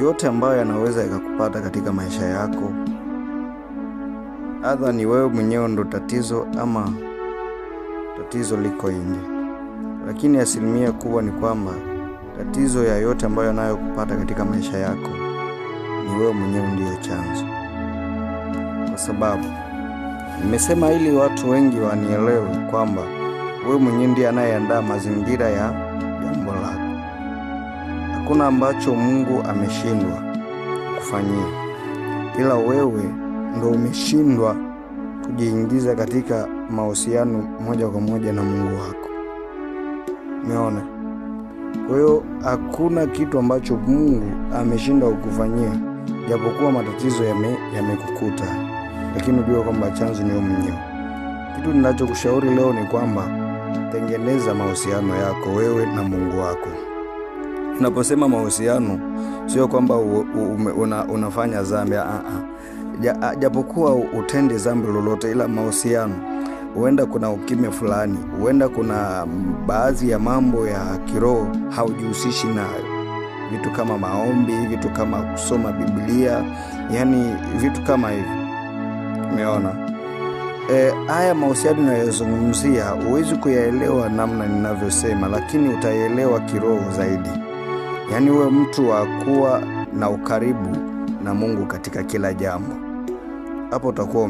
yote ambayo yanaweza yakakupata katika maisha yako, adha ni wewe mwenyewe ndo tatizo ama tatizo liko nje, lakini asilimia kubwa ni kwamba tatizo ya yote ambayo yanayokupata katika maisha yako ni wewe mwenyewe ndiyo chanzo, kwa sababu nimesema ili watu wengi wanielewe kwamba wewe mwenyewe ndiye anayeandaa mazingira ya Hakuna ambacho Mungu ameshindwa kufanyia, ila wewe ndo umeshindwa kujiingiza katika mahusiano moja kwa moja na Mungu wako. Umeona? Kwa hiyo hakuna kitu ambacho Mungu ameshindwa kukufanyia, japokuwa matatizo yamekukuta ya lakini ujue kwamba chanzo ni wewe mwenyewe. Kitu ninachokushauri leo ni kwamba tengeneza mahusiano yako wewe na Mungu wako tunaposema mahusiano sio kwamba una, unafanya zambi ja, japokuwa utende zambi lolote ila mahusiano huenda kuna ukime fulani huenda kuna baadhi ya mambo ya kiroho haujihusishi nayo vitu kama maombi vitu kama kusoma biblia yani vitu kama hivi umeona E, haya mahusiano inayozungumzia huwezi kuyaelewa namna ninavyosema, lakini utaelewa kiroho zaidi yaani uwe mtu wa kuwa na ukaribu na mungu katika kila jambo hapo utakuwa